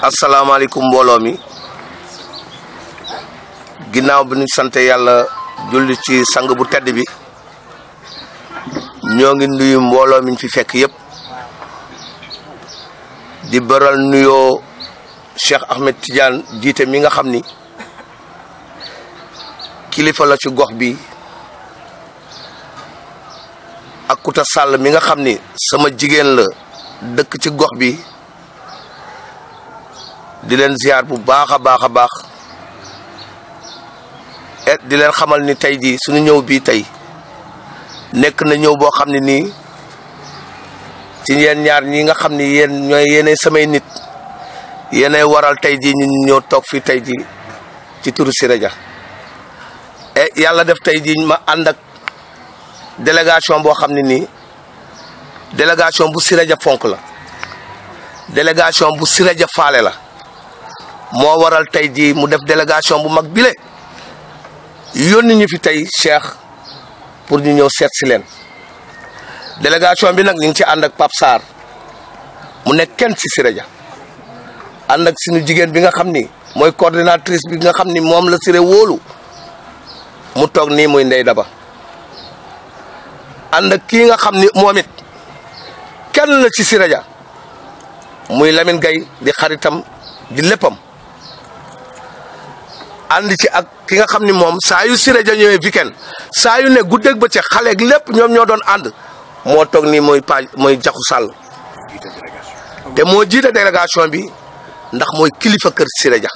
Assalamualaikum mbooloo mi ginnaaw bi ñu sant yalla julli ci sang bu tedd bi ñoo ngi nuyu mbooloo mi fi fekk yépp di beral nuyo Cheikh Ahmed Tidiane jité mi nga xamni kilifa la ci gox bi ak kuta Sall mi nga xamni sama jigen la dëkk ci gox bi di leen ziar bu baax a baax a baax eh, di leen xamal ni tey jii suñu ñëw bii tey nekk na ñëw boo xam ne nii ci yéen ñaar ñii nga xam ni yéen ñooy yéenay samay nit yéenay waral tey jii ñu ñëw toog fii tey jii ci turu Siré Dia et eh, yàlla def tey jii ma ànd ak délégation boo xam ne nii délégation bu Siré Dia fonk la délégation bu Siré Dia faale la moo waral tey jii mu def délégation bu mag bile yoon ñu fi tey Cheikh pour ñu ñëw seet si leen délégation bi nag ñu ngi ci ànd ak Pape Sarr mu nekk kenn ci Siré Dia ànd ak jigéen bi nga xam ni mooy coordinatrice bi nga xam ni moom la Siré wóolu mu toog nii muy Ndey Daba ànd ak kii nga xam ni moom it kenn la ci Siré Dia muy Lamine Gaye di xaritam di léppam ànd ci ak ki nga xam ni moom saa yu Siré Dia ñëwee weekend saa yu ne guddeeg bëccëg xale ak lépp ñoom ñoo doon ànd moo toog nii mooy pa mooy jaxu sàll te moo jiite délégation bi ndax mooy kilifa kër Siré Dia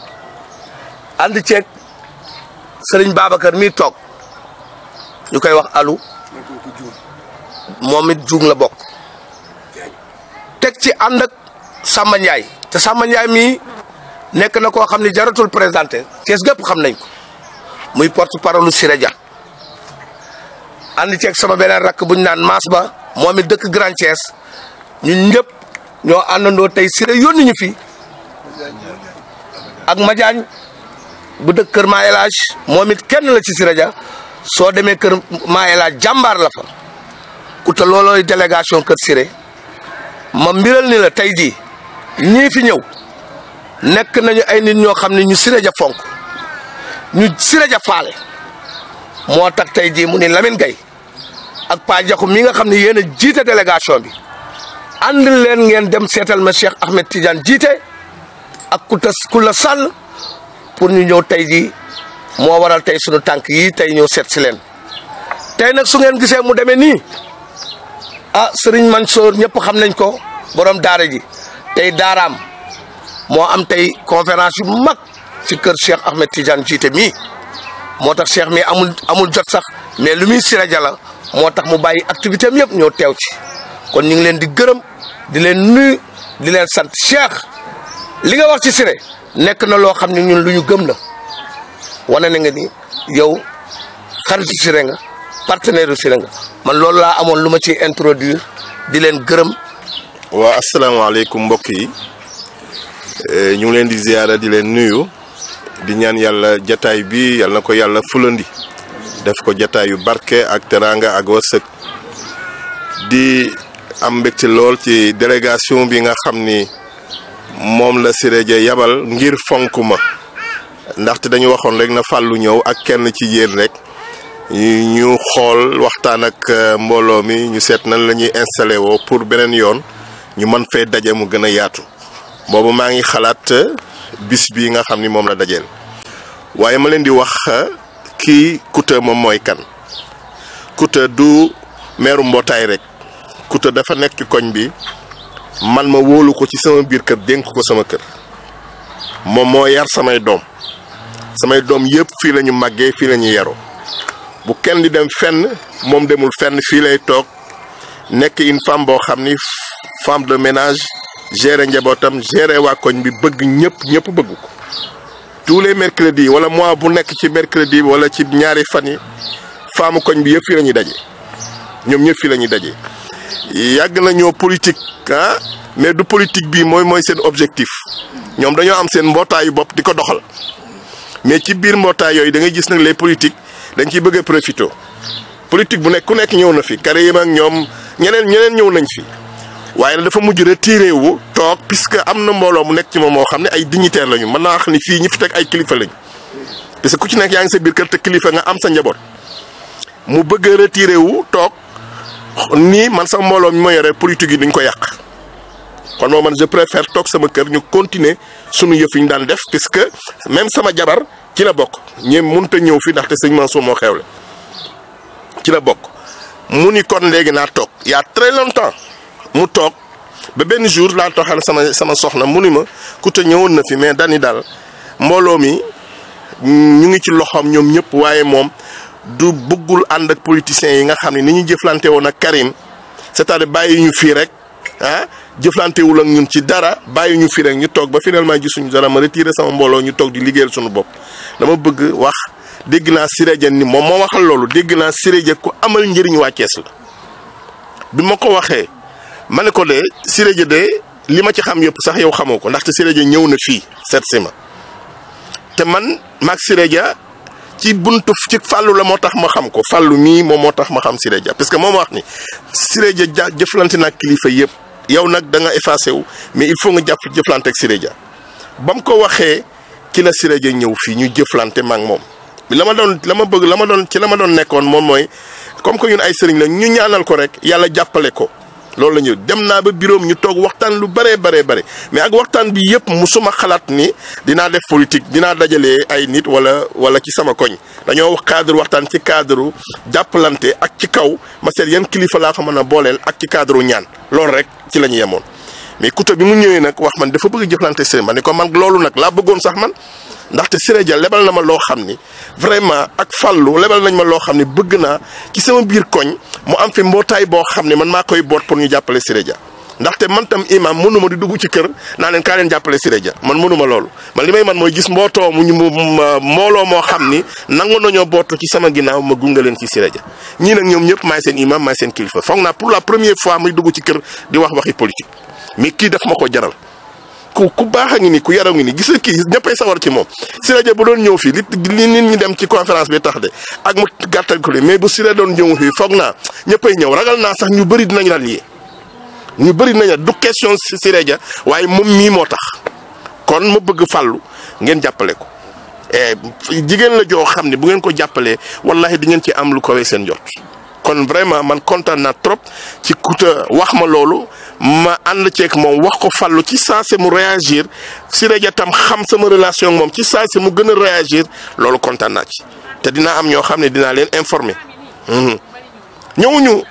ànd ceeg sëriñ kër mi toog ñu koy wax alu moom it juug la bokk teg ci ànd ak Samba Ndiaye Samba Ndiaye mii nekk na koo xam ne jaratul présenté Thiès gépp xam nañ ko muy porte parole Siré Dia ànd ceeg sama beneen rakk bu naan maas ba moom dëkk Grand Thiès ñun ñëpp ñoo àndandoo tey Siré yónni ñu fi ak Madiagne bu dëkk kër Ma El Hadj moom it kenn la ci Siré soo demee kër Ma El Hadj jàmbaar la fa uta loolooy délégation kër sire ma mbiral ni la tey jii ñii fi ñëw. nekk nañu ay nit ñoo xam ne ñu Siré Dia fonk ñu Siré Dia faale moo tax tey jii mu ni Lamine Gueye ak Pa Diakhou mi nga xam ne yéen a jiite délégation bi ànd leen ngeen dem seetal ma Cheikh Ahmed Tidiane jiite ak ku tas ku sàll pour ñu ñëw tey jii moo waral tey sunu tànk yii tey ñëw seet si leen tey nag su ngeen gisee mu demee nii a ah man Mansour ñëpp xam nañ ko borom daare ji tey daaraam. mo am tay conférence yu mag ci keur Cheikh Ahmed Tidiane jité mi motax Cheikh mi amul amul jot sax mais lu muy Siré Dia la mu bàyyi activité am ñoo tew ci kon ñing leen di gëreum di leen nuy di leen sant Cheikh li nga wax ci Siré nek na lo xamni ñun lu gëm la wane nga ni yow ci Siré nga partenaire Siré nga man loolu la luma ci introduire di leen wa assalamu alaykum mbokk yi. Eh, ñu ngi leen di ziyaara di leen nuyu di ñaan yàlla jataay bi yàlla na ko yàlla fulandi def ko jataayu barke ak teraanga ak wërsëg di am mbégte lool ci délégation bi nga xam ni moom la Siré Dia yabal ngir fonk ma ndaxte dañu waxoon rek na fàllu ñëw ak kenn ci yéen rek ñu xool waxtaan ak eh, mbooloo mi ñu seet nan la ñuy installé woo pour beneen yoon ñu mën fee daje mu gën a yaatu boobu maa ngi xalaat euh, bis bii nga xam ni moom la dajeel waaye ma leen di wax euh, kii Couta moom mooy kan Couta du meeru mbootaay rek Couta dafa nekk ci koñ bi man ma wóolu ko ci sama biir kër dénk ko sama kër moom moo yar samay doom samay doom yëpp fii la ñu màggee fii la ñu yaru bu kenn di dem fenn moom demul fenn fii lay toog nekk une femme boo xam ni femme de ménage gere njabootam gérer waa koñ bi bëgg ñëpp ñëpp bëgg ko tous les mercredis wala mois bu nekk ci mercredi wala ci ñaari fan yi faamu koñ bi yëpp fii lañuy ñuy daje ñoom ñëpp fii lañuy daje. yàgg nañoo politique ah mais du politique bii mooy mooy seen objectif ñoom dañoo am seen mbootaayu bopp di ko doxal mais ci biir mbootaay yooyu da ngay gis nag les politiques dañ ciy bëgg a profité politique bu nekk ku nekk ñëw na fi Karim ak ñoom ñeneen ñeneen ñëw nañ fi. waye dafa mujj retiré wu tok puisque amna mbolo mu nek ci mo moo xam ay dignitaire lañu man na xani fi ñi fi tek ay kilifa lañu parce que ku ci nek sa bir keur te kilifa nga am sa njabot mu bëgg a retiré wu tok ni man sa mbolo mi ma yoré politique yi duñ ko yak kon mo man je préfère tok sama keur ñu continuer sunu yëf yi daan def puisque même sama jabar ci la bok ñe munta ñew fi te seigne Mansour mo xewle ci la bok muni kon léegi na tok ya très longtemps mu toog ba benn jour laa toxal sama sama soxna mu ni ma ku te ñëwoon na fi mais dani daal mbooloo mi ñu ngi ci loxoom ñoom ñëpp waaye moom du bëggul ànd ak politiciens yi nga xam ne ni ñu jëflante woon ak Karim cest à bàyyi ñu fii rek ah jëflantewul ak ñun ci dara bàyyi ñu fii rek ñu toog ba finalement gisuñu dara ma retiré sama mbooloo ñu toog di liggéeyal suñu bopp dama bëgg wax dégg naa Siré Dia ni moom moo waxal loolu dégg naa Siré Dia ku amal njëriñ waa bi ma ko waxee ma ne ko de Siré Dia de li ma ci xam yëpp sax yow xamoo ko ndaxte Siré Dia ñëw na fii seet si ma te man mag Siré Dia ci buntu ci fàllu la moo tax ma xam ko fàllu mii moom moo tax ma xam Siré Dia parce que moom wax ni Siré Dia ja jëflante nag ak kilifa yëpp yow nag da nga effacé wu mais il faut nga jàpp jëflante ak Siré Dia ba mu ko waxee ci la Siré Dia ñëw fii ñu jëflante ma moom. la ma doon la ma bëgg la ma doon ci la ma doon nekkoon moom mooy comme que ñun ay sëriñ la ñu ñaanal ko rek yàlla jàppale ko. loolu la ñu dem naa ba biroom ñu toog waxtaan lu bëree bëree bëri mais ak waxtaan bi yëpp musuma xalaat ni dinaa def politique dinaa dajale ay nit wala wala ci sama koñ dañoo wax cadre waxtaan ci cadre jàppalante ak ci kaw ma seet yan kilifa laa fa mën a booleel ak ci cadre ñaan loolu rek ci la ñu yemoon. mais kuta bi mu ñëwee nag wax man dafa bëgg jëflante seen ma ne ko man loolu nag laa bëggoon sax man. ndaxte Siré Dia lebal na ma loo xam ni vraiment ak fàllu lebal nañ ma loo xam ni bëgg naa ci sama biir koñ mu am fi mbootaay boo xam ne man maa koy boot pour ñu jàppale Siré Dia ndaxte man tam imam mënuma di dugg ci kër naa leen kaa leen jàppale Siré ja man mënuma loolu ma li may man mooy gis mbootoo mu ñu mbooloo moo xam ni nangu ñoo bootu ci sama ginnaaw ma gunga leen ci Siré Dia ñii nag ñoom ñëpp maay seen imam maay seen kilifa foog naa pour la première fois muy dugg ci kër di wax waxi politique mais kii daf ma ko jaral ku baax ngi ni ku yaraw ngi ni gis ki ñeppay sawar ci mom sila je bu doon ñew fi nit ñi dem ci conférence bi tax de ak mu gattal ko mais bu sila doon ñew fi fogna ñeppay ñew ragal na sax ñu bari dinañ la li ñu bari nañ du question sila ja waye mom mi motax kon mu bëgg fallu ngeen jappalé ko eh jigen la jo xamni bu ngeen ko jappalé wallahi di ngeen ci am lu ko sen jot kon vraiment man content na trop ci kuta wax ma lolu ma and ci ak mom wax ko fallu ci sensé mu réagir si reja tam xam sama relation mom ci sensé mu gëna réagir lolu content na ci té dina am ño xamné dina len informer mhm. ñu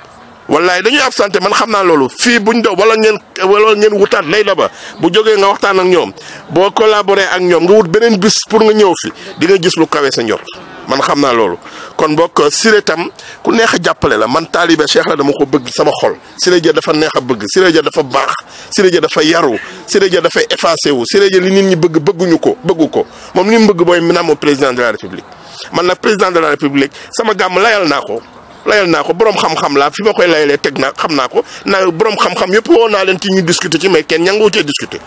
wallahi dañu absenté man xamna lolu fi buñ do wala ngeen wala ngeen wutat lay la ba bu joggé nga waxtaan ak ñom bo collaborer ak ñom nga wut benen bis pour nga ñew fi di nga gis lu kawé sa ñor man xam naa loolu kon bokk sire tam ku neex a jàppale la man taalibe Cheikh la dama ko bëgg sama xol sire Dia dafa neex a bëgg Siré ja dafa baax sire Dia dafa yaru sire Dia dafay effacé wu sire Dia li nit ñi bëgg bëgguñu ko bëggu ko moom li mu bëgg naa minaamo président de la république man nag président de la république sama gàmm layal naa ko layal naa ko borom xam-xam laa fi ma koy layalee teg naa xam naa ko naa borom xam-xam yëpp woo naa leen ci ñu discuter ci mais kenn ñangoo cee discuter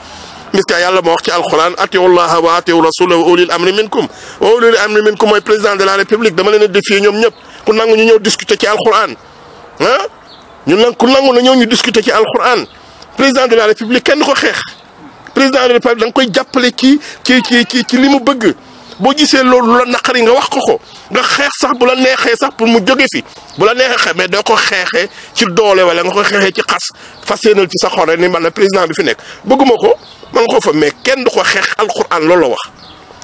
نسكا يالا موختي القران اتي الله واتي الرسول واولي الامر منكم واولي الامر منكم اي بريزيدنت لا ريبوبليك دا مالين ديفي نيوم نيب كو نانغ ني نييو ديسكوتي تي القران ها ني نانغ كو نانغ ني نييو ديسكوتي تي القران بريزيدنت لا ريبوبليك كين كو خيخ بريزيدنت ريبوبليك دانغ كوي جابلي كي كي كي كي كي لي مو بغ بو جيسه لول لو نخاري nga wax ko ko nga xex sax bu la nexé sax pour mu joggé fi bu la nexé xé do ko xexé ci doolé wala nga ko xexé ci xass fasénal ci sa xor ni man le président bi fi nek bëgguma moo ko fa mais kenn du ko xex alquran loolu la wax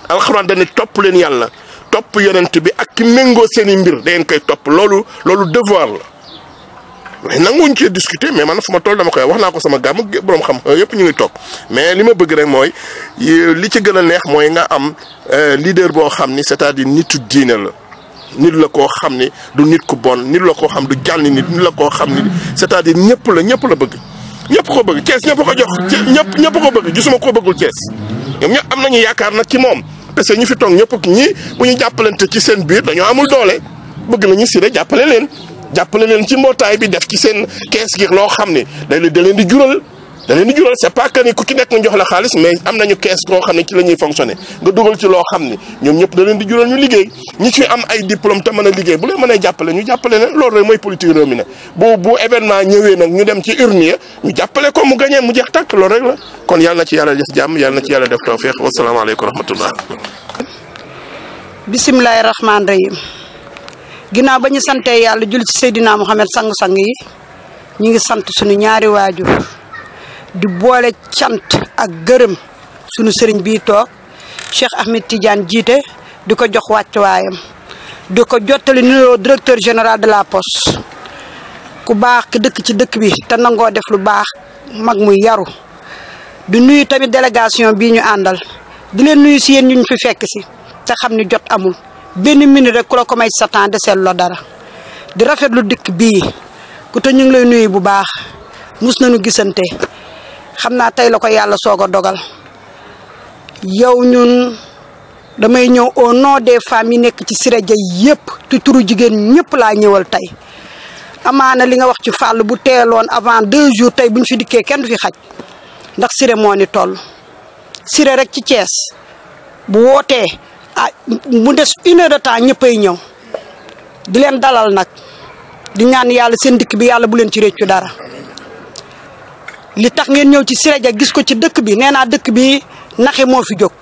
alquran dañ top len yalla top yonent bi ak mengo méngoo seen mbir dañ koy top lolu lolu devoir la mais nanguñ ci discuter mais man fuma tol dama koy wax sama gam borom xam yëpp ñu ngi top mais lima bëgg rek moy li ci gëna neex moy nga am euh, leader bo xamni c'est-à-dire nitu diina la nit la ko xamni du nit ku bon nit la ko xam du jall nit nit la ko xamni c'est-à-dire ñepp la ñepp la bëgg ñëpp ko bëgg kees ñëpp ko jox ñëpp ñëpp ko bëgg gisuma ko bëggul Thiès ñoom ñëpp am nañu yaakaar na ci moom parce que ñu fi toog ñëpp ñi bu ñu jàppalante ci seen biir dañoo amul doole bëgg nañu Siré jàppale leen jàppale leen ci mbootaay bi def ci seen kees gi loo xam ne da leen di jural da leen di jural c'est pas que ni ku ci nek ñu jox la xaliss mais am ñu caisse ko xamni ci lañuy fonctionner nga duggal ci lo xamni ñom ñep da leen di jural ñu liggey ñi ci am ay diplôme ta mëna liggey bu leen mëna jappalé ñu jappalé leen loolu rek politique réew mi bu bu événement ñëwé nak ñu dem ci urnier ya, ñu jappalé ko mu gagné mu jeex tak loolu rek la kon yalla na ci yalla def jàmm yalla na ci yalla def tawfiq wasalaamaaleykum rahmatullah bismillahir rahmanir rahim ginnaaw bañu santé yalla ci muhammad sang sang yi ñi ngi sant suñu ñaari di boole cant ak gërëm sunu sëriñ bii toog Cheikh Ahmed Tidiane jiite di ko jox wàccuwaayam di ko jottali nuyoo directeur général de la poste ku baax ki dëkk ci dëkk bi te nangoo def lu baax mag muy yaru di nuyu tamit délégation bii ñu àndal di leen nuyu si yéen ñu ñu fi fekk si te xam ni jot amul benn minute rek ku la ko may sa temps deseel dara di rafetlu dëkk bii ku te ñu ngi lay nuyu bu baax mus nañu gisante. xam naa tey la ko yàlla soog a dogal yow ñun damay ñëw au nom des femmes yi nekk ci Siré Dia yëpp te turu jigéen ñëpp laa ñëwal tey amaana li nga wax ci fàll bu teeloon avant deux jours tey bu ñu fi dikkee kenn fi xaj ndax Siré moo ni toll sire rek ci cees bu wootee ah mu des une heure de temps ñëppay ñëw di leen dalal nag di ñaan yàlla seen dikk bi yàlla bu leen ci réccu dara li tax ngeen ñëw ci Siré Dia gis ko ci dëkk bi nee naa dëkk bi naxe moo fi jóg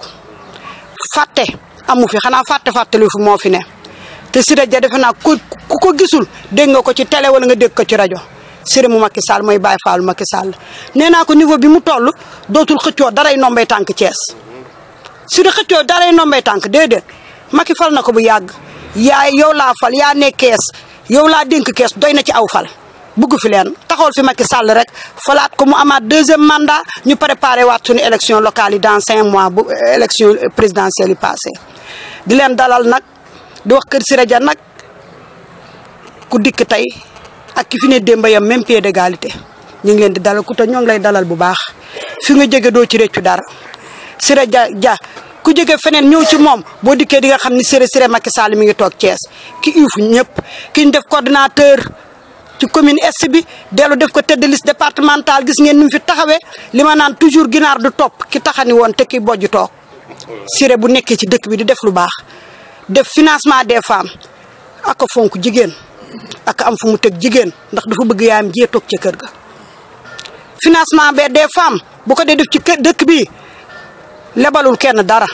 fàtte amu fi xanaa fàtte fàtte lu fi moo fi ne te Siré Dia defe naa ku ko gisul dégg nga ko ci télé wala nga dégg ko ci rajo Siré mu Macky Sall mooy Baye Fallou Macky Sall nee naa ko niveau bi mu toll dootul xëccoo daray ndombay tànk Thiès Siré xëccoo daray ndombay tànk déedéet Macky fal na ko bu yàgg yaa yow laa fal yaa ne kees yow laa dénk kees doy na ci aw fal bugg fi leen taxawal fi Macky Sall rek falaat ko mu amaat deuxième mandat ñu préparé waat suñu élection locale yi dans cinq mois bu euh, élection présidentielle yi passé di leen dalal nag di wax Kër Siré Dia nag ku dikk tey ak ki fi ne démb yam même pied d'égalité ñu ngi leen di dalal ku te ñoo ngi lay dalal bu baax fi nga jóge doo ci réccu dara Siré Dia Dia ku jóge feneen ñëw ci moom boo dikkee di nga xam ni Siré Siré Macky Sall mi ngi toog Thiès ki uuf ñëpp ki def coordinateur ci commune est bi dellu def ko tête de liste départementale gis ngeen ni mu fi taxawee li ma naan toujours ginaar du topp ki taxani woon te ki bojj toog Siré bu nekkee ci dëkk bi di def lu baax def financement des femmes ak a fonk jigéen ak am fu mu teg jigéen ndax dafa bëgg yaayam jee toog ca kër ga. financement be des femmes bu ko dee def ci kër dëkk bi lebalul kenn dara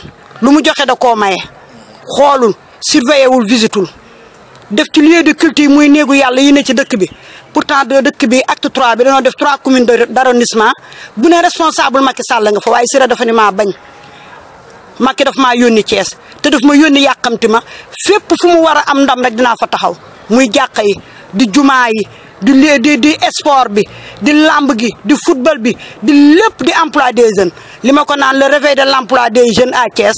lu mu joxe da ko maye xoolul surveiller wul visitul def ci lieu de culte yi muy néegu yàlla yi ne ci dëkk bi pourtant de dëkk bi acte 3 bi dañoo def trois communes d'arrondissement bu ne responsable Macky Sall nga fa waaye Sira dafa ne maa bañ Macky daf maa yónni Thiès te def ma yónni yàqamti ma fépp fu mu war a am ndam rek dinaa fa taxaw muy jàq yi di jumaa yi di lii di di bi di lamb gi di football bi di lépp di emplois des jeunes li ma ko naan le de l' emploi des jeunes à Thiès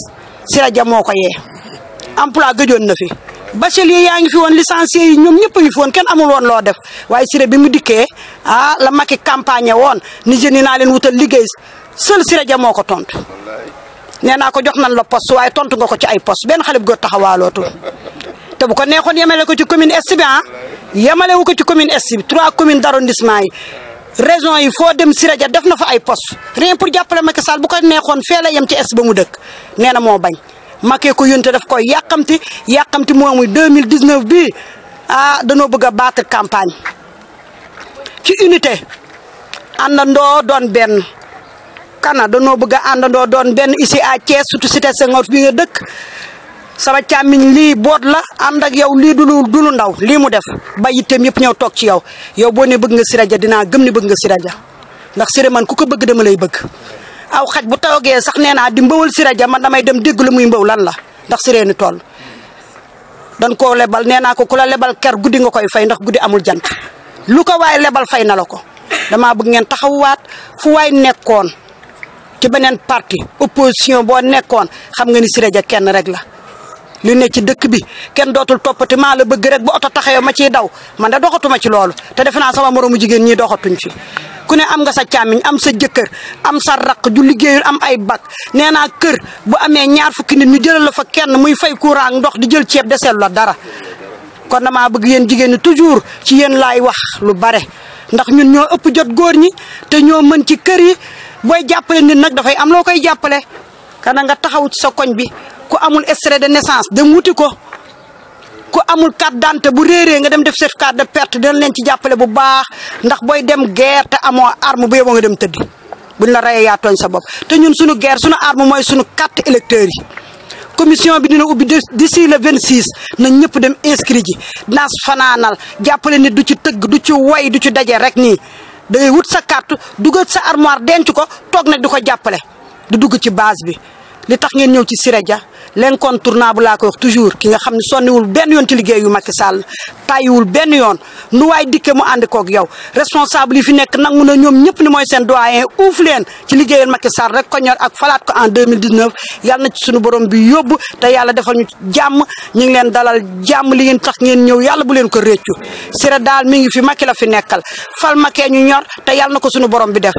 Sira Dia moo ko yee emploi gëjoon na fi. bachelier yaa ngi fi woon licencié yi ñoom ñëpp ngi fi woon kenn amul woon loo def waaye Siré bi mu dikkee ah la Macky campagne woon ni jeunes yi naa leen wutal liggéey seul Siré Dia moo ko tontu. nee naa ko jox nan la poste waaye tontu nga ko ci ay poste benn xale bu góor taxawaalootul te bu ko neexoon yemale ko ci commune est bi ah yemale wu ko ci commune est bi trois communes d'arrondissement yi. raison yi foo dem Siré Dia def na fa ay poste rien pour jàppale Macky Sall bu ko neexoon fee la yem ci est ba mu dëkk nee na moo bañ. Macky ko yónni daf koy yàqamti yàqamti moo muy 2019 bii ah danoo bëgg a battre campagne ci unité àndandoo doon benn. kana danoo bëgg a doon benn ici à Thiès si te Senghor bi nga dëkk sama càmmiñ lii boot la ànd ak yow lii du lu du ndaw lii mu def ba yitteem yëpp ñëw toog ci yow yow boo ne bëgg nga Siré Dia dinaa gëm ne bëgg nga Siré Dia ndax Siré man ku ko bëgg dama lay bëgg. aw xaj bu tawagee sax nee naa di mbawal sira ja man damay dem dégg lu muy mbaw lan la ndax siree ni toll dan koo lebal nee naa ko ku la lebal ker guddi nga koy fay ndax guddi amul jant lu ko waaye lebal fay na la ko damaa bëgg ngeen taxawaat fu waay nekkoon ci beneen parti opposition boo nekkoon xam nga ni siree ja kenn rek la li ne ci dëkk bi kenn dootul toppati maa la bëgg rek bu oto taxawee ma ciy daw man de doxatuma ci loolu te defe naa sama moromu jigéen ñi doxatuñ ci ku ne am nga sa chamign am sa jëkkër am sa rak ju liggéeyul am ay nena nee kër bu amé ñaar fukki nit ñu jëlal fa kenn muy fay courant ndox di jël ciép déssel la dara kon dama bëgg yeen jigéen ni toujours ci yeen lay wax lu bare ndax ñun ño ëpp jot goor ñi té ño mën ci kër yi boy jappalé nit da fay am lo koy jappalé kana nga taxawu ci sa koñ bi ku amul extrait de naissance de wuti ko ko amul carte d'identité bu réeree nga dem def certificat de perte dina leen ci jàppale bu baax ndax booy dem guerre te amoo arme bu yeboo nga dem tëdd buñ la rayee yaa tooñ sa bopp te ñun suñu guerre suñu arme mooy suñu carte électeur yi commission bi dina ubbi d'ici le 26 na ñëpp dem inscrit ji nas fanaanal jàppale nit du ci tëgg du ci way du ci daje rek nii day wut sa kart dugal sa armoire denc ko toog nañ di ko jàppale di dugg ci base bi li tax ngeen ñëw ci sire Siré Dia bu laa ko wax toujours ki nga xam ne wul benn yoon ci liggéeyu Macky Sall tàyyiwul benn yoon nu waay dikke mu ànd koog yow responsable yi fi nekk nangu na ñoom ñëpp ni mooy seen doyen uuf leen ci liggéey Macky Sall rek ko ñor ak falaat ko en 2019 yàlla na ci suñu borom bi yóbbu te yàlla defal ñu jàmm ñu ngi leen dalal jàmm li ngeen tax ngeen ñëw yàlla bu leen ko réccu Siré daal mi ngi fi Macky la fi nekkal fal Macky ñu ñor te yàlla na ko suñu borom bi def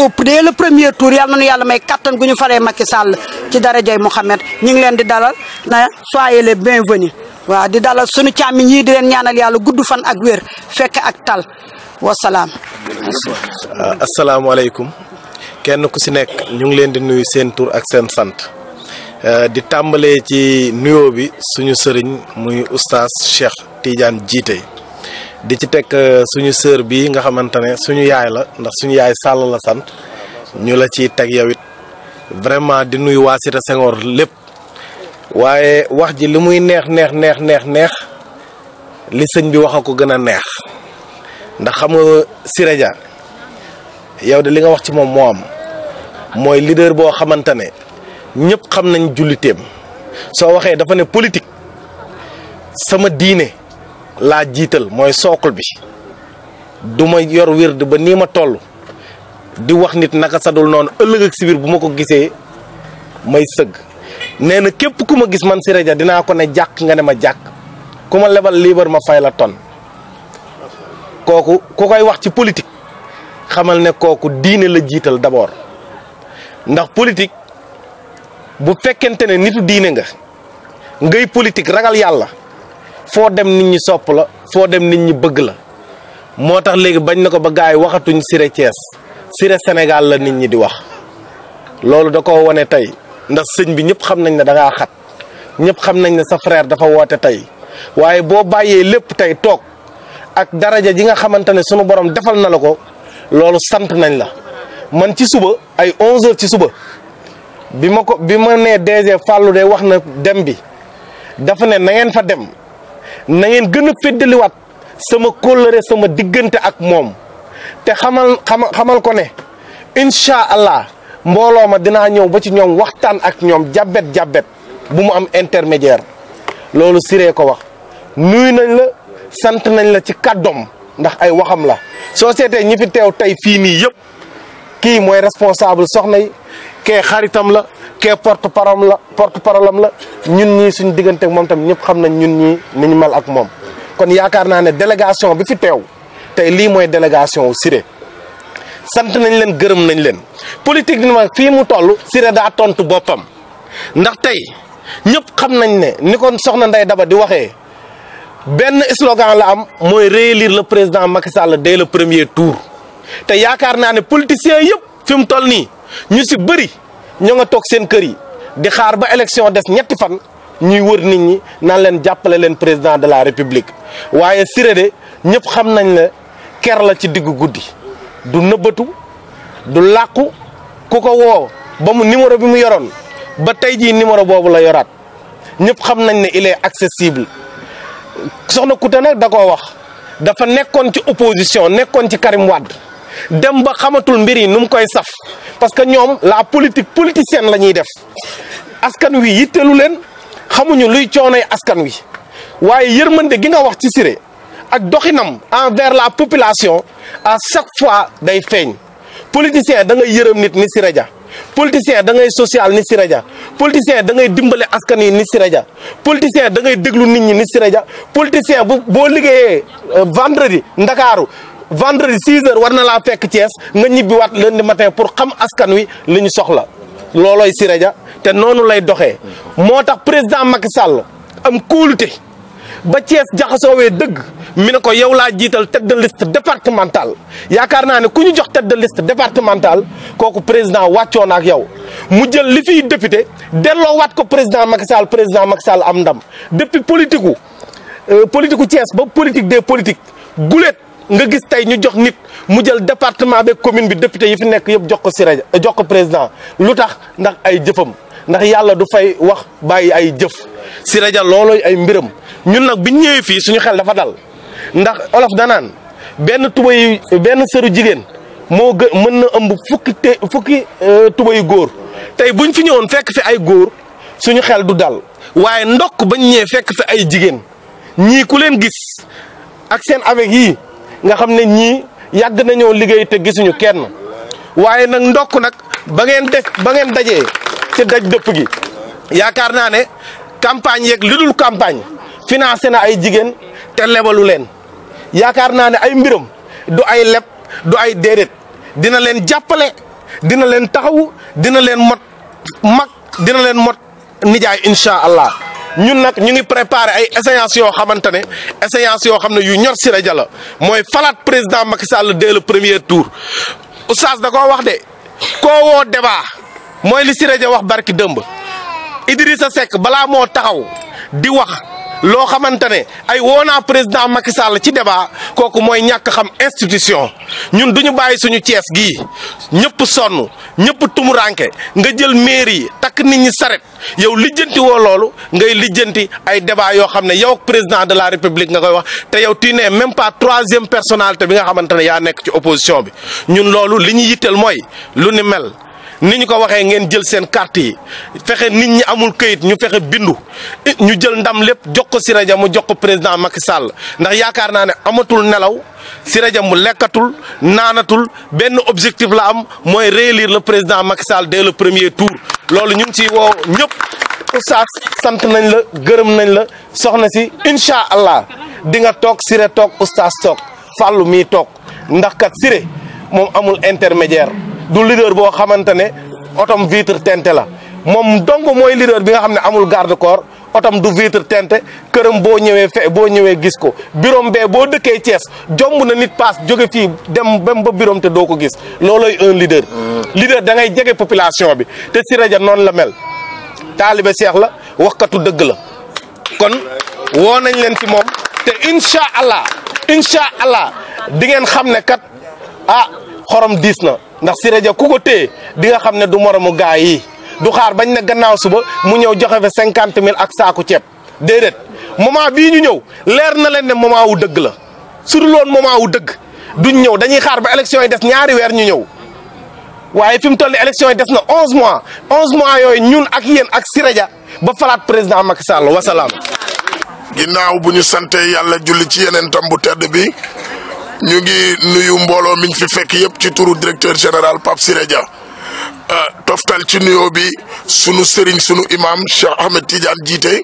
au dès le premier tour yal nañu yàlla may kattan gu ñu faree Macky Sall ci darajay Mouhamed ñu ngi leen di dalal na soyez les bienvenus waaw di dalal suñu càmmiñ yi di leen ñaanal yàlla gudd fan ak wér fekk ak tal wasalaam. Euh, asalaamaaleykum kenn ku si nekk ñu ngi leen di nuyu seen tur ak seen sant. Euh, di tàmbalee ci nuyo bi suñu sëriñ muy oustaz Cheikh Tidiane jiite di ci teg euh, suñu sœur bi nga xamante ne suñu yaay la ndax suñu yaay sàll sant ñu la ciy teg yow it vraiment di nuyu waa Cité Senghor lépp waaye wax ji li muy neex neex neex neex neex li sëñ bi wax a ko gën a neex ndax xam nga Siré Dia yow de li nga wax ci moom moo am mooy leader boo xamante ne ñëpp xam nañ julliteem soo waxee dafa ne politique sama diine laa jiital mooy sookul bi du ma yor wird ba nii ma toll di wax nit naka sadul noonu ëllëg ak si biir bu ma ko gisee may sëgg nee na képp ku ma gis man Siré Dia dinaa ko ne jàkk nga ne ma jàkk ku ma lebal liibar ma fay la ton kooku ku koy wax ci politique xamal ne kooku diine la jiital d'abord ndax politique bu fekkente ne nitu diine nga ngay politique ragal yàlla foo dem nit ñi sopp la foo dem nit ñi bëgg la moo tax léegi bañ na ko ba gaay waxatuñu sire Thiès sire Sénégal la nit ñi di wax loolu da ko wane tey ndax sëñ bi ñëpp xam nañ ne danga ngaa xat ñëpp xam nañ ne sa frère dafa woote tey waaye boo bàyyee lépp tey toog ak daraja ji nga xamante ne sunu borom defal na la ko loolu sant nañ la man ci suba ay 11h ci suba bi ma ko bi ma nee DG Fallou de wax na dem bi dafa ne na ngeen fa dem. na ngeen gën a féddaliwaat sama kóllëre sama diggante ak moom te xamal xamal xamal ko ne incha allah mbooloo ma dinaa ñëw ba ci ñoom waxtaan ak ñoom jàbbet jàbbet bu mu am intermédiaire loolu siree ko wax nuyu nañ la sant nañ la ci kàddoom ndax ay waxam la soo seetee ñi fi teew tey fii nii yëpp kii mooy responsable soxna yi kee xaritam la kee porte parole la porte parole la ñun ñii suñu diggante ak moom tam ñëpp xam nañ ñun ñii ni ñu ak moom. kon yaakaar naa ne délégation bi fi teew tey lii mooy délégation Siré sant nañ leen gërëm nañ leen politiquement fii mu toll sire daa tontu boppam ndax tey ñëpp xam nañ ne ni kon soxna Ndeye Daba di waxee. benn slogan la am mooy réélire le président Macky Sall dès premier tour te yaakaar naa ne politiciens yëpp fi mu toll nii ñu si bëri ñoo nga toog seen kër yi di xaar ba élection des ñetti fan ñuy wër nit ñi naan leen jàppale leen président de la république waaye Siré de ñëpp xam nañ ne ker la ci diggu guddi du nëbbatu du làqu ku ko woo ba mu numéro bi mu yoroon ba tey jii numéro boobu la yoraat ñëpp xam nañ ne il est accessible soxna Kouta nag da koo wax dafa nekkoon ci opposition nekkoon ci Karim Wade dem ba xamatul mbir yi nu mu koy saf parce que ñoom la politique politicienne la ñuy def askan wi yittelu leen xamuñu luy coonoy askan wi waaye yërmande gi nga wax ci Siré ak doxinam envers la population à chaque fois day feeñ politicien da ngay yërëm nit ni Siré Dia politicien da ngay social ni Siré Dia politicien da ngay dimbale askan yi ni Siré Dia politicien da ngay déglu nit ñi ni Siré Dia politicien bu boo liggéeyee euh, vendredi Ndakaaru vendredi 6 war na laa fekk Thiès nga ñibbiwaat lundi matin pour xam askan wi li ñu soxla loolooy Siré ja te noonu lay doxee moo tax président Macky Sall am kóolute ba Thiès jaxasoowee dëgg mi ne ko yow laa jiital tête de liste départementale yaakaar naa ne ku ñu jox tête de liste départementale kooku président wàccoon ak yow mu jël li fiy député delloo waat ko président Macky Sall président Macky Sall am ndam depuis politique u politique u Thiès ba politique des politiques guléet nga gis tey ñu jox nit mu jël département beeg commune bi député yi fi nekk yëpp jox ko si rajo jox ko président lu tax ndax ay jëfam ndax yàlla du fay wax bàyyi ay jëf si rajo loolooy ay mbiram ñun nag bi ñëwee fii suñu xel dafa dal ndax olof danaan benn tuba benn sëru jigéen moo gë mën na ëmb fukki te fukki euh, tuba yu góor tey buñ fi ñëwoon fekk fi ay góor suñu xel du dal waaye ndokk bañ ñëwee fekk fi ay jigéen ñii ku leen gis ak seen avec yii nga xam ne ñii yàgg nañoo liggéey te gisuñu kenn waaye nag ndokk nag ba ngeen def ba ngeen dajee ci daj dëpp gi yaakaar naa ne campagne yeeg li dul campagne financé na ay jigéen te lebalu leen yaakaar naa ne ay mbiram du ay leb du ay déedéet dina leen jàppale dina leen taxawu dina leen mot mag dina leen mot nijaay incha allah. ñun nag ñu ngi préparé ay échéances yoo xamante ne échéances yoo xam ne yu ñor Siré Dia la mooy falaat président Macky Sall dès le premier tour oustaz da koo wax de koo woo débat mooy li Siré Dia wax barki dëmb sa Seck balaa moo taxaw di wax. loo xamante ne ay woonaa président Macky Sall ci débat kooku mooy ñàkk xam institution ñun duñu bàyyi suñu Cees gi ñëpp sonn ñëpp tumuranke nga jël mairie yi takk nit ñi saret yow lijjanti woo loolu ngay lijjanti ay débat yoo xam ne yow président de la république nga koy wax te yow tu n'es même pas troisième personnalité bi nga xamante ne yaa nekk ci opposition bi ñun loolu li ñu yitteel mooy lu ni mel ni ñu ko waxee ngeen jël seen carte yi fexe nit ñi amul kayit ñu fexe bindu ñu jël ndam lépp jox ko Siré Dia mu jox ko président Macky Sall ndax yaakaar naa ne amatul nelaw Siré Dia mu lekkatul naanatul benn objectif la am mooy réélire la président Macky Sall dès premier tour loolu ñu ngi ciy woo ñëpp oustaz sant nañ la gërëm nañ la soxna si incha allah di nga toog Siré toog oustaz toog fàllu mii toog ndax kat Siré moom amul intermédiaire du leader boo xamante ne otom vitre teintée la moom dong mooy leader bi nga xam ne amul garde corps otom du vitre teintée këram boo ñëwee fe boo ñëwee gis ko birom bee boo dëkkee Thiès jomb na nit paas jóge fii dem bam ba birom te doo ko gis loolooy un leader dangay da jege population bi te si Dia noonu la mel taalibe seex la waxkatu dëgg la kon woo nañ leen ci moom te incha allah incha allah dingeen xam ne kat ah xorom diis na ndax Siré Dia ku ko téye di nga xam ne du moromu gaa yi du xaar bañ na gannaaw suba mu ñëw joxe fa cinquante mille ak saaku ceeb déedéet moment bii ñu ñëw leer na leen ne moment wu dëgg la su dul woon moment wu dëgg duñ ñëw dañuy xaar ba élection yi des ñaari weer ñu ñëw waaye fi mu toll nii élection yi des na onze mois onze mois yooyu ñun ak yéen ak Siré Dia ba falaat président Macky Sall wasalaam. ginnaaw bu ñu sante yàlla julli ci yeneen tam bu tedd bii ñu ngi nuyu mbooloo miñ fi fekk yëpp ci turu directeur général Pape Siré Dia euh, toftal ci nuyoo bi sunu sëriñ sunu imam Cheikh Ahmed Tidiane jiite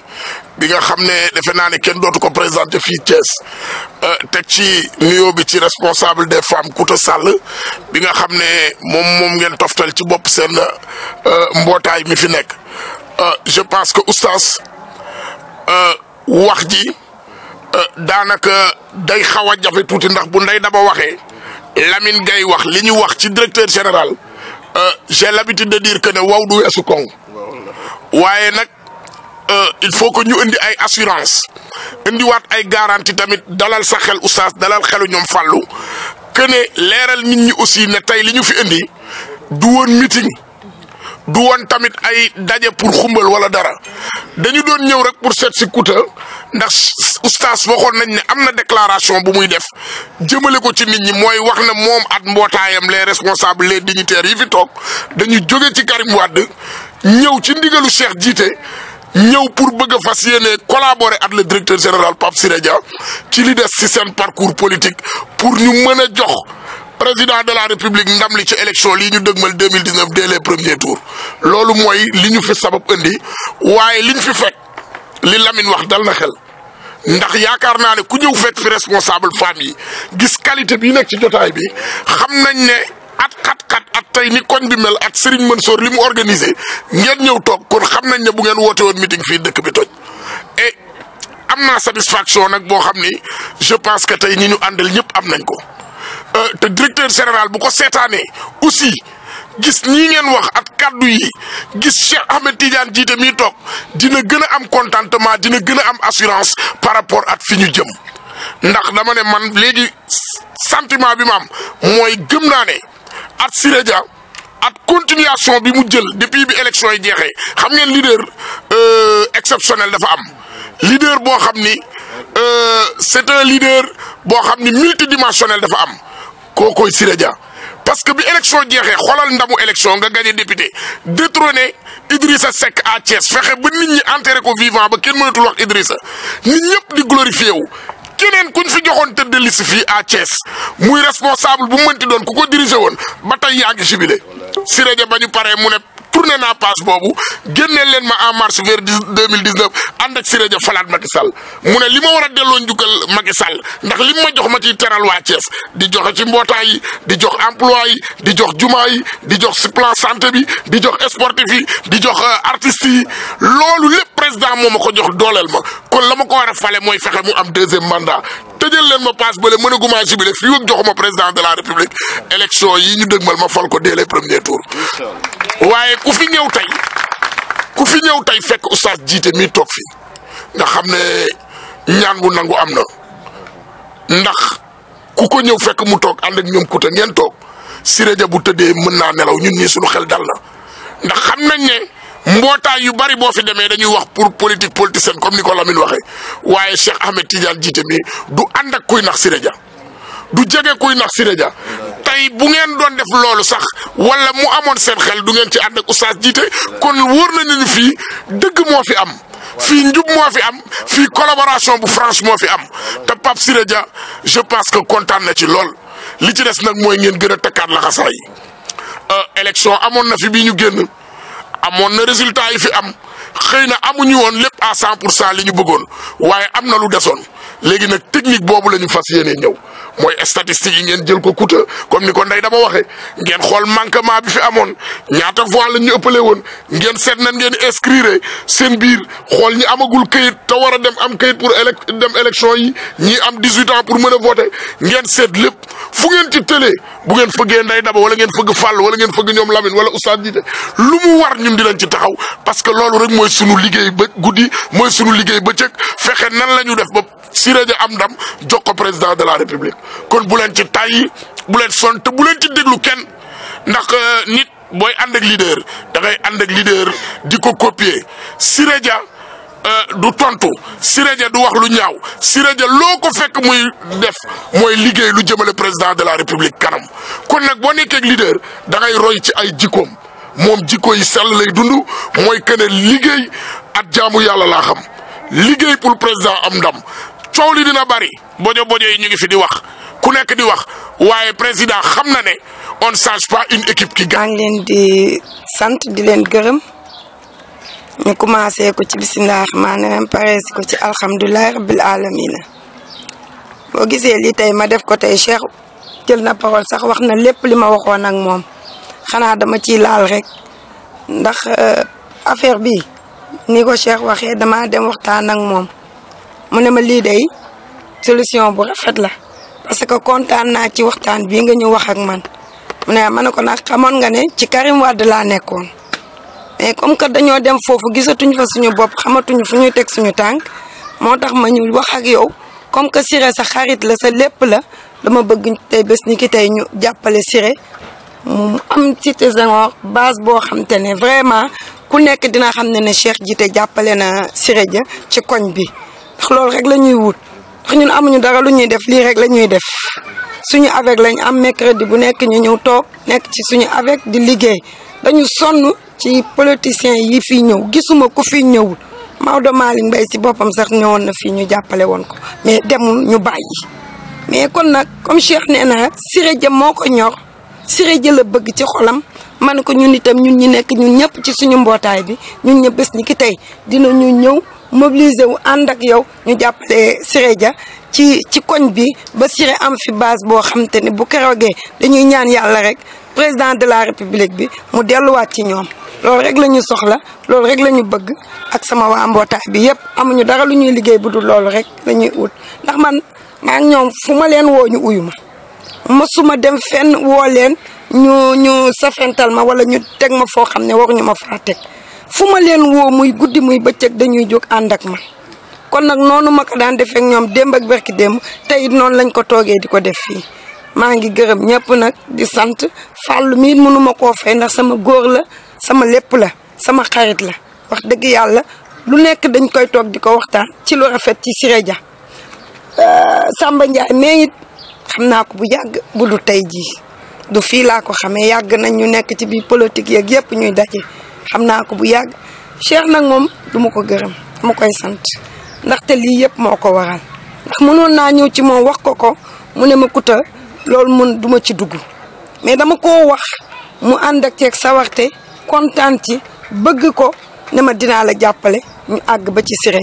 bi nga xam ne defe naa ne kenn dootu ko présenté fii Thiès euh, teg ci nuyoo bi ci responsable des femmes Kouta Sall bi nga xam ne moom moom ngeen toftal ci bopp seen euh, mbootaay mi fi nekk je pense que oustaz wax ji. daanaka day xaw a jafe tuuti ndax bu Ndeye Daba waxee Lamine Gueye wax li ñu wax ci directeur général euh, j'ai l'habitude de dire que ne waw du weesu koŋ waaye nag euh, il faut que ñu indi ay assurance indiwaat ay garantie tamit dalal sa xel oustaz dalal xelu ñoom fàllu que leeral nit ñi aussi ne tey li ñu fi indi du woon meeting du woon tamit ay daje pour xumbal wala dara dañu doon ñëw rek pour seet si Kouta ndax oustaz waxoon nañ ne am na déclaration bu muy def jëmale ko ci nit ñi mooy wax na moom at mbootaayam les responsables les dignitaires yi fi toog dañu jóge ci Karim Wade ñëw ci ndigalu Cheikh jiite ñëw pour bëgg a fas yéene collaborer ak le directeur général Pape Siré Dia ci li des ci seen parcours politique pour ñu mën a jox président de la république ndam li ci élection lii ñu dëgmal deux mille dix neuf dès les premiers tours loolu mooy li ñu fi sabab indi waaye li ñu fi fekk li Lamine wax dal na xel. ndax yaakaar naa ne ku ñëw fekk fi responsable femme yi gis qualité bi nekk ci jotaay bi xam nañ ne at xat-xat at tey ni koñ bi mel at Serigne Mansour li mu organisé ngeen ñëw toog kon xam nañ ne bu ngeen woote woon meeting fii dëkk bi toj et am naa satisfaction nag boo xam ni je pense que tey ñi ñu àndal ñëpp am nañ ko euh, te directeur général bu ko seetaanee aussi. gis ñii ngeen wax at kàddu yi gis Cheikh Ahmed Tidiane jiite mii toog dina gën a am contentement dina gën a am assurance par rapport ak fi ñu jëm ndax dama ne man léegi sentiment bi ma am mooy gëm naa ne at Siré Dia at continuation bi mu jël depuis bi élection yi jeexee xam ngeen leader euh, exceptionnel dafa am leader boo xam ni euh, c'est un leader boo xam ni multidimensionnel dafa am kookoy Siré Dia parce que bi élection jeexee xoolal ndamu élection nga gagné député détrôné Idrissa Seck à Thiès fexe ba nit ñi enterré ko vivant ba kenn mënatul wax Idrissa nit ñëpp di glorifié wu. keneen kuñ fi joxoon tëdd liste fii à Thiès muy responsable bu mënti doon ku ko dirigé woon ba tey yaa ngi jubilé si rajo ba paree mu ne tourné naa page boobu génnee leen ma en mars vers deux mille dix neuf ànd ak Siré Dia falaat Macky Sall mu ne li ma war a delloo njukkal Macky Sall ndax li ma jox ma ci teral waa Thiès di jox a ci mbootaay yi di jox emploi yi di jox jumaa yi di jox si plan santé bi di jox sportif yi di jox euh, artistes yi loolu président moo ma ko jox dooleel ma kon la ma ko war a fale mooy fexe mu am deuxième mandat tëjal leen ma passe bële mën a gumaa sibile fii wëg joxuma président de la république élection yi ñu dëgmal ma fal ko dès les premiers tours waaye ku fi ñëw tey ku fi ñëw tey fekk oustaz jiite mii toog fi nga xam ne ñaan bu nangu am na ndax ku ko ñëw fekk mu toog ànd ak ñoom kuta ngeen toog Siré Dia bu tëddee mën naa nelaw ñun ñii suñu xel dal na ndax xam nañ ne mbootaay yu bari boo fi demee dañuy wax pour politique seen comme ni ko Lamine waxee waaye Cheikh Ahmed Tidiane jiite mi du ànd ak kuy nax Siré Dia du jege kuy nax Siré Dia tey bu ngeen doon def loolu sax wala mu amoon seen xel du ngeen ci ànd ak oustaz jiite kon wóor na ni fii dëgg moo fi am fii njub moo fi am fii collaboration bu franche moo fi am te Pape Siré Dia je pense que kontaan na ci lool li ci des nag mooy ngeen gën a takkaat laxasaay euh, élection amoon na fi bii ñu génn. amoon na résultat yi fi am xëy na amuñu woon lépp à cent pour cent li ñu bëggoon waaye am na lu desoon léegi nag technique boobu la ñu fas yéenee ñëw mooy statistique yi ngeen jël ko kuta comme ni ko ndey dama waxee ngeen xool manquement bi fi amoon ñaata fois la ñu ëppalee woon ngeen seet nan ngeen inscrire seen biir xool ñi amagul këyit te war a dem am këyit pour élec dem élection yi ñi am 18 ans pour mën a voter ngeen seet lépp fu ngeen ci tëlee. bu ngeen fëggee nday daba wala ngeen fëgg fàll wala ngeen fëgg ñoom Lamine wala oustaz jiite lu mu war ñun dinañ ci taxaw parce que loolu rek mooy sunu liggéey ba guddi mooy sunu liggéey ba cëg fexe nan la ñu def ba Siré Dia am ndam jox ko président de la république kon bu leen ci tàyyi bu leen son te bu leen ci déglu kenn ndax euh, nit booy ànd ak leader da ngay ànd ak leader di ko copier Siré Dia Euh, du tontu Siré Dia du wax lu ñaaw Siré Dia loo ko fekk muy def mooy liggéey lu jëmale président de la république kanam kon nag boo nekkee leader da ngay roy ci ay jikkoom moom jikko yi sell lay dund mooy que liggéey at jaamu yàlla laa xam liggéey pour président am ndam coow li dina bari bojo bojo yi ñu ngi fi di wax ku nekk di wax waaye président xam na ne on change pas une équipe qui gagne. leen di sant di leen gërëm. ñu commencé ko ci bismillah rahmaani rahim paré ko ci alhamdullah rabbil alamin bo gisé li tay ma def ko tay cheikh jël na parole sax wax na li ma waxon ak moom xana dama ci laal rek ndax euh, affaire bi ni ko cheikh waxee dama dem waxtaan ak moom mune ma li day solution bu rafet la parce que contane na ci waxtaan bi nga ñu wax ak man mune ne nga ne ci Karim wad la nekkone Eh, comme que dañoo dem fofu gisatuñ fa suñu bop xamatuñu fu tek suñu tank motax ma ñu wax ak yow comme que Siré sa xarit la sa lépp la dama bëgg tay bés ni ki tay ñu jappalé Siré mu am Cité Senghor base bo xam te vraiment ku nekk dina xam ne Cheikh jité jappalé na Siré ja ci koñ bi tax lool rek lañuy wut tax ñun amuñu dara lu def li rek lañuy def suñu avec lañ am mercredi bu nekk ñu ñew tok nekk ci suñu avec di liggéey dañu sonn ci politiciens yi fi ñëw gisuma ko fi ñëwul Maodo Malick Mbaye si boppam sax ñëwoon na fii ñu jàppale woon ko mais demul ñu bàyyi. mais kon nag comme Cheikh nee na Siré Dia moo ko ñor Siré Dia la bëgg ci xolam man ko ñun itam ñun ñi nekk ñun ñëpp ci suñu mbootaay bi ñun ñëpp bés ni ki tey dinañu ñëw mobiliser wu ànd ak yow ñu jàppale Siré Dia ci ci koñ bi ba Siré am fi base boo xam te ne bu keroogee dañuy ñaan yàlla rek président de la république bi mu delluwaat ci ñoom. loolu rek la soxla loolu rek la ñu bëgg ak sama waa bi yëpp amuñu dara lu ñuy liggéey bu dul loolu rek la ut ndax man maa ñoom fu ma leen woo ñu uyu ma mësuma dem fenn woo leen ñu ñu safental ma wala ñu teg ma foo xam ne waruñu ma faa teg fu ma leen woo muy guddi muy ba bëccëg dañuy jóg ànd ak ma kon nag noonu ma ko daan defee ak ñoom démb ak berki démb tey it noonu lañ ko toogee di ko def fii maa ngi gërëm ñëpp nag di sant fàllu miit mënuma koo fay ndax sama góor la sama lepp la sama xarit la wax deug yalla lu nek dañ koy tok di waxtan ci lu rafet ci sirédia Dia euh, Samba Ndiaye mais it xam ko bu yàgg bu du tey jii du fi la ko xamee yàgg na ñu nek ci bi politique yak yep ñuy daje xamna ko bu Cheikh nak mom duma ko gëreem koy sant ndax lii li yep moko waral ndax mënon na ñëw ci mo wax ko ko mu ne ma kuta lol mun duma ci dugg mais dama ko wax mu ak sawarte kontaan ci bëgg ko ne ma dinaa la jàppale ñu àgg ba ci Siré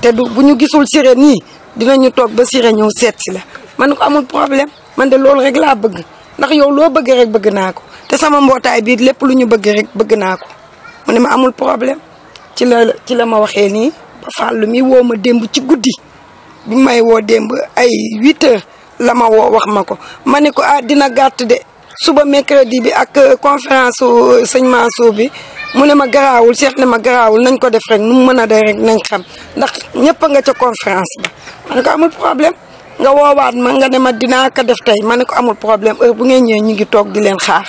Dia te du bu ñu gisul Siré nii ñu toog ba sire ñëw seet si la man ko amul problème man de loolu rek laa bëgg ndax yow loo bëgg rek bëgg naa ko te sama mbootaay bii lépp lu ñu bëgg rek bëgg naa ko mu ne ma amul problème ci la ci la ma waxee nii ba fàllu mi woo ma démb ci guddi bi may woo démb ay 8 la ma woo wax ma ko ma ne ko ah dina gàtt de suba mercredi bi ak euh, conférence euh, sëñ Mansour bi mu ne ma garaawul Cheikh ne ma garaawul nañ ko def rek nu mu mën a dee rek nañ xam ndax ñëpp a nga ca conférence ba ma ne ko amul problème nga woowaat ma nga ne ma dinaa ko def tey ma ne ko amul problème heure bu ngeen ñëwee ñu ngi toog di leen xaar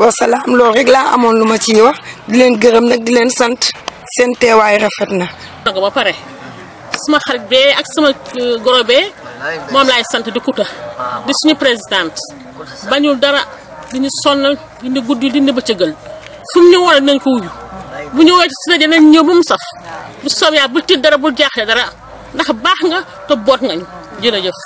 wasalaam loolu rek laa amoon lu ma ciy wax di leen gërëm nag di leen sant seen teewaay rafet na. ba pare sama xarit bee ak suma euh, goro bee moom laay sant di Kouta di suñu présidente bañul dara di ñu sonnal dindi guddi dindi bëccëgal fu mu ñu wala nañ ko bu ñu woowee si rajo nañ ñëw ba mu saf bu soob yaa bul tiit dara bul jaaxle dara ndax baax nga te boot nga ñu jërëjëf.